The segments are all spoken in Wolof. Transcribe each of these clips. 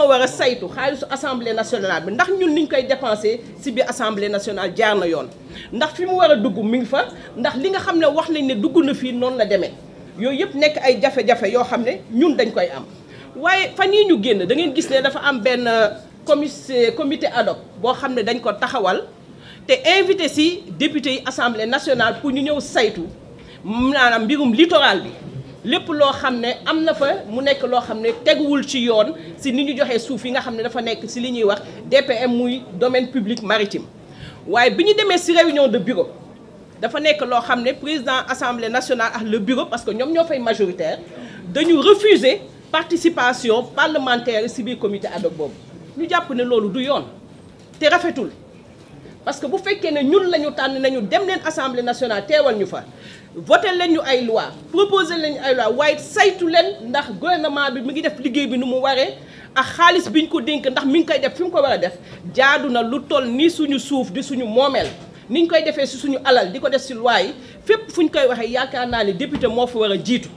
moo war a saytu xaalisu assemblée nationale bi ndax ñun niñ koy dépensé ci biir assemblée nationale jaar na yoon ndax fi mu war a dugg mi ngi fa ndax li nga xam ne wax nañ ne dugg na fii noonu la demee yooyu yëpp nekk ay jafe-jafe yoo xam ne ñun dañ koy am. waaye fan yii ñu génn da ngeen gis ne dafa am benn euh, comi euh, comité ad boo xam ne dañ ko taxawal te invité ci député yi assemble nationale pour ñu ñëw saytu maanaam mbirum littoral bi. lépp loo xam ne am na fa mu nekk loo xam ne teguwul ci yoon si ni ñu joxee suuf yi nga xam ne dafa nekk si li ñuy wax DPM muy domaine public maritime waaye bi ñu demee si réunion de bureau dafa nekk loo xam ne président assemblée nationale ak le bureau parce que ñoom ñoo fay majoritaire dañu refuser participation parlementaire si biir comité ad boobu ñu jàpp ne loolu du yoon te rafetul parce que bu fekkee ne ñun la ñu tànn nañu dem leen assemblée nationale teewal ñu fa voté leen ñu ay loi proposé leen ñu ay waaye saytu leen ndax gouvernement bi mi ngi def liggéey bi nu mu waree ak xaalis bi ñu ko dénk ndax mi ngi koy def fi mu ko war a def jaadu na lu toll ni suñu suuf di suñu moomeel ni ñu koy defee si suñu alal di ko def si loi yi fépp fu ñu koy waxee yaakaar naa ne député moo fa war a jiitu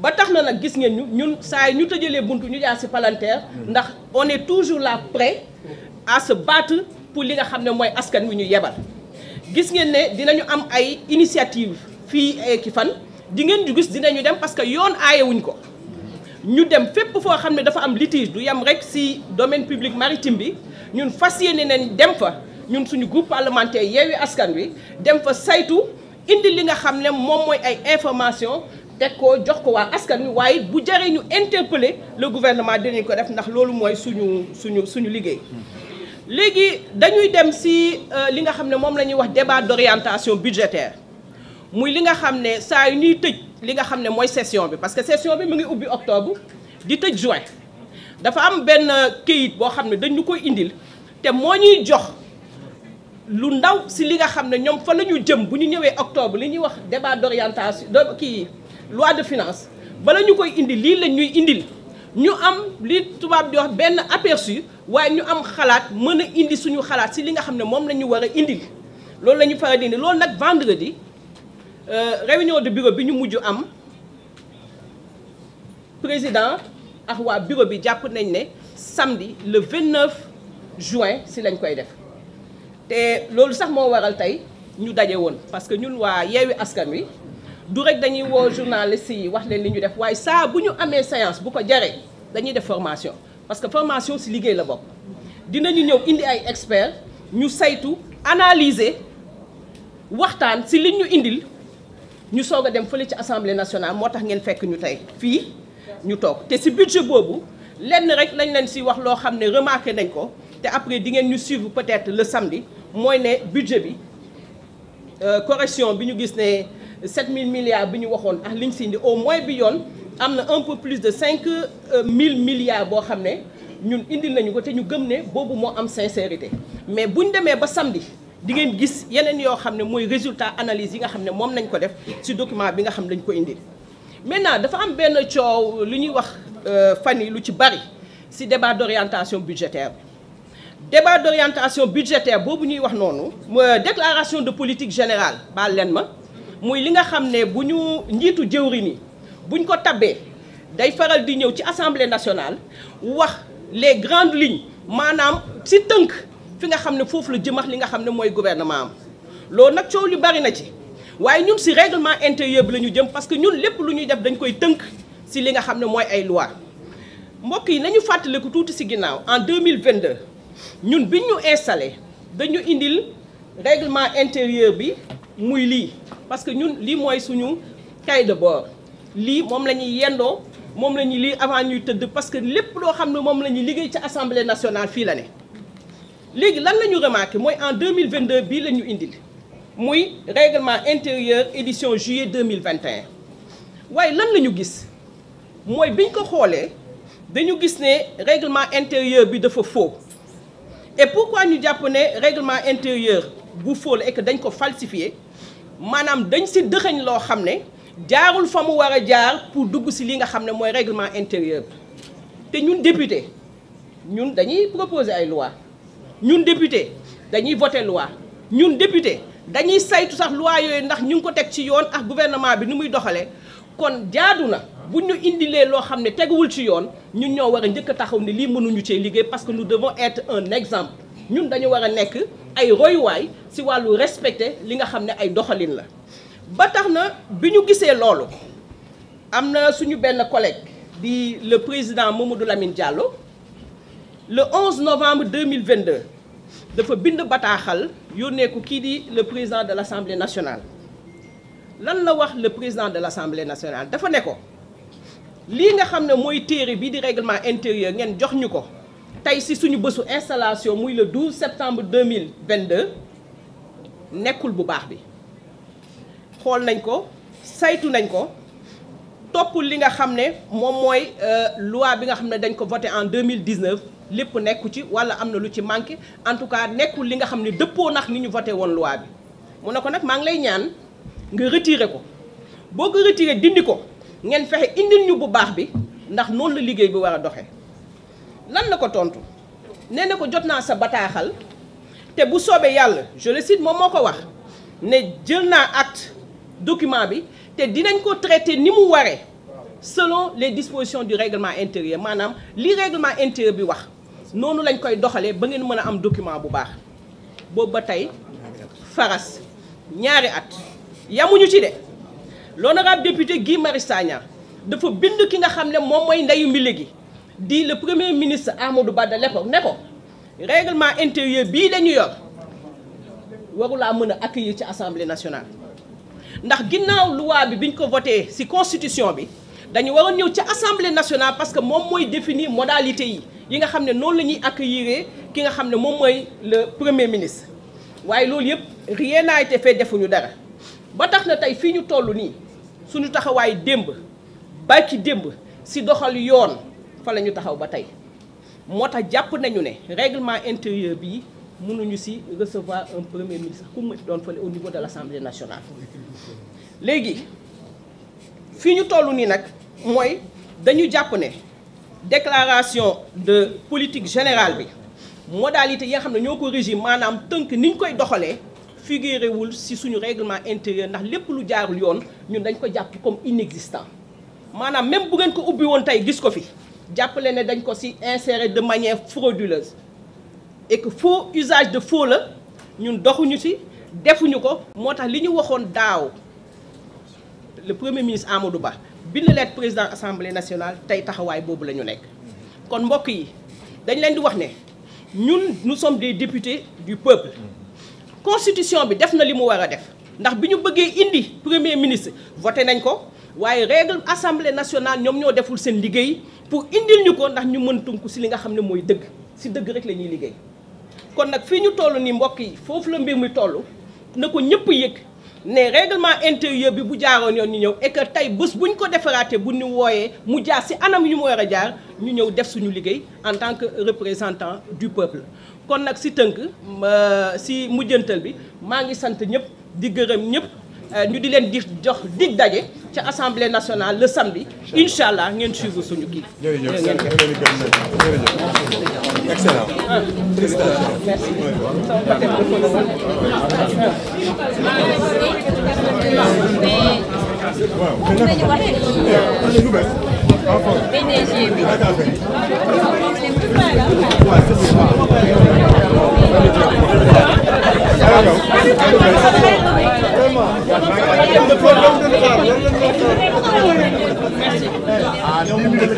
ba tax na nag gis ngeen ñu ñun saa ñu tëjalee buntu ñu jaar si palanteer ndax on est toujours la prêt à se pour li nga xam ne mooy askan wi ñu yebal gis ngeen ne dinañu am ay initiative fii ay ki fan di ngeen gis dinañu dem parce que yoon aayewuñ ko ñu dem fépp foo xam ne dafa am litige du yem rek ci domaine public maritime bi ñun fas yéene nañ dem fa ñun suñu groupe parlementaire Yewwi Askan Wi dem fa saytu indi li nga xam ne moom mooy ay information teg ko jox ko waa askan wi waaye bu jaree ñu interpeller le gouvernement dinañ ko def ndax loolu mooy suñu suñu suñu liggéey léegi dañuy dem ci euh, li nga xam ne moom la ñuy wax débat d'orientation muy li nga xam ne saa yi ñuy tëj li nga xam ne mooy session bi parce que session bi mu ngi ubbi octobre di tëj join dafa am benn këyit boo xam ne dañu koy indil te moo ñuy jox lu ndaw si li nga xam ne ñoom fa la jëm bu ñu ñëwee octobre li ñuy wax débat d'orientation kii loi de finance bala ñu koy indi lii la ñuy indil ñu am li tubaab di wax benn aperçu waaye ñu am xalaat mën a indi suñu xalaat si li nga xam ne moom la ñu war a indil loolu la ñu faral di loolu nag vendredi Euh, réunion de bureau bi ñu mujj am président ak waa bureau bi jàpp nañ ne samedi le 29 juin si lañ koy def te loolu sax moo waral tey ñu daje woon parce que ñun waa yeewi askan wi du rek dañuy woo journaliste yi wax leen li ñu def waaye saa bu ñu amee séance bu ko jaree dañuy def formation parce que formation si liggéey la bokk dinañu ñëw indi ay experts ñu saytu analyser waxtaan si li ñu indil ñu soog a dem fële ci assemblée nationale moo tax ngeen fekk ñu tey fii ñu toog te si budget boobu lenn rek lañ leen si wax loo xam ne remarqué nañ ko te après di ngeen ñu suivre peut-être le samedi mooy ne budget bi euh, correction bi ñu gis ne 7000 milliards bi ñu waxoon ak liñ si indi au moins bi yoon am na un peu plus de 5000 euh, milliards boo xam ne ñun indi nañu ko te ñu gëm ne boobu moo am sincérité mais buñ demee ba samedi. di ngeen gis yeneen yoo xam ne mooy résultat analyse yi nga xam ne moom nañ ko def si document bi nga xam lañ ko indi maintenant dafa am benn coow lu ñuy wax euh, fan yi lu ci bari si débat d'orientation budgétaire bi débat d'orientation budgétaire boobu ñuy wax noonu euh, déclaration de politique général baal leen ma muy li nga xam ne bu ñu njiitu jëwriñ yi buñ ko tabee day faral di ñëw ci assemblée nationale wax les grandes lignes maanaam si tënk fi nga xam ne foofu la jëmax li nga xam ne mooy gouvernement am loolu nag coow li bari na ci waaye ñun si règlement intérieur bi la ñu jëm parce que ñun lépp lu ñuy def dañ koy tënk si li nga xam ne mooy ay loi mbokk yi nañu fàttaliku tuuti si ginnaaw en 2022 ñun bi ñu installé dañu indil réglement intérieur bi muy lii parce que ñun lii mooy suñu cahier de bord lii moom la ñuy yendoo moom la lii avant ñuy tëdd parce que lépp loo xam ne moom la ñuy liggéey ci assemblée nationale fii la ne léegi lan la ñu remarqué mooy en 2022 bii la ñu indil muy réglement intérieur édition juillet 2021 waaye lan la ñu gis mooy biñ ko xoolee dañu gis ne réglement intérieur bi dafa faux et pourquoi ñu jàpp ne réglement intérieur bu faux la et dañ ko falsifié maanaam dañ si dëxëñ loo xam ne jaarul fa mu war a jaar pour dugg si li nga xam ne mooy réglement intérieur bi te ñun député ñun dañuy proposer ay loi ñun député dañuy voté loi ñun député dañuy saytu sax loi yooyu ndax ñu ngi ko teg ci yoon ak gouvernement bi ni muy doxalee kon jaadu na bu ñu indilee loo xam ne teguwul ci yoon ñun ñoo war a njëkk a taxaw ne lii mënuñu cee liggéey parce que nous devons être un exemple ñun dañu war a nekk ay royuwaay ci wàllu respecter li nga xam ne ay doxalin la ba tax na bi ñu gisee loolu am na suñu benn collègue di le président Mamadou Lamine Diallo le 11 novembre 2022 dafa bind bataaxal yónnee ko kii di le président de l'Assemblée nationale lan la wax le président de l'Assemblée nationale dafa ne ko lii nga xam ne mooy téere bii di règlement intérieur ngeen jox ñu ko tey si suñu bësu installation muy le 12 septembre 2022 nekkul bu baax bi xool nañ ko saytu nañ ko toppul li nga xam ne moom mooy euh, loi bi nga xam ne dañ ko voté en deux mille 2019 lépp nekku ci walla am na lu ci manqué en tout cas nekkul li nga xam ne dëppoo nax ni ñu voté woon loi bi mu ne ko nag maa ngi lay ñaan nga retiré ko boo ko retiré dindi ko ngeen fexe indil ñu bu baax bi ndax noonu la liggéey bi war a doxee lan la ko tontu nee na ko jot naa sa bataaxal te bu soobee yàlla je le moom moo ko wax ne jël naa at document bi te dinañ ko traité ni mu waree selon les disposition du règlement intérieur maanaam li règlement intérieur bi wax noonu lañ koy doxalee ba ngeen mën a am document bu baax boobu ba tey faras ñaari at yamuñu ci de l'honorable député gii Marius Sagna dafa bind ki nga xam ne moom mooy ndeyu mbile gi di le premier ministre Amadou Ba de l'époque ne ko règlement intérieur bii dañu yor warulaa mën a accueillir ci assemblée nationale ndax ginnaaw luwaal bi bi ñu ko voté ci constitution bi dañu a ñëw ci assemblée nationale parce que moom mooy définir modalité yi yi nga xam ne noonu la ñuy accueillir ki nga xam ne moom mooy le premier ministre. waaye loolu yëpp rien n'a été defuñu dara ba tax na tey fii ñu toll nii suñu taxawaay démb bàyyi démb ci doxal yoon fa la ñu taxaw ba tey moo tax jàpp nañu ne règlement intérieur bii mënuñu si recevoir un premier ministre ku mu doon fële au niveau de l' assemblée nationale. léegi fi ñu toll nii nag mooy dañu jàpp ne déclaration de politique générale bi modalité yi xam ne ñoo ko régime maanaam tënk ni ñu koy doxalee. figuré wul si suñu règlement intérieur ndax lépp lu jaarul yoon ñun dañ ko jàpp comme inexistant maanaam même bu ngeen ko ubbi woon tey gis ko fi jàppale ne dañ ko si insérer de manière frauduleuse et que faux usage de faux la ñun doxuñu ci defuñu ko moo tax li ñu waxoon daaw le premier ministre Amadou Ba bind leen président assemblée nationale tey taxawaay boobu la ñu nekk. kon mbokk yi dañ leen di wax ne ñun nous sommes des députés du peuple constitution bi def na li mu war a def ndax bi ñu bëggee indi premier ministre voté nañ ko waaye règle assemblée nationale ñoom ñoo deful seen liggéey pour indil ñu ko ndax ñu mën tënku si li nga xam ne mooy dëgg ci dëgg rek la ñuy liggéey. kon nag fii ñu toll nii mbokk yi foofu la mbir mi toll na ko ñëpp yëg ne règlement intérieur bi bu jaaroon yoon ñu ñëw et que tey bés buñ ko defaraatee bu ñu wooyee mu jaar ci anam yu mu war a jaar ñu ñëw def suñu liggéey en tant que représentant du peuple. kon nag si tënk si mujjantal bi maa ngi sant ñëpp di gërëm ñëpp euh, ñu di leen di jox dig daje ca assemblée nationale le samedi incha allah ngeen suivre suñu kii. jërëjëf Excellent. Félicitations.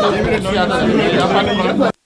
Merci. Merci.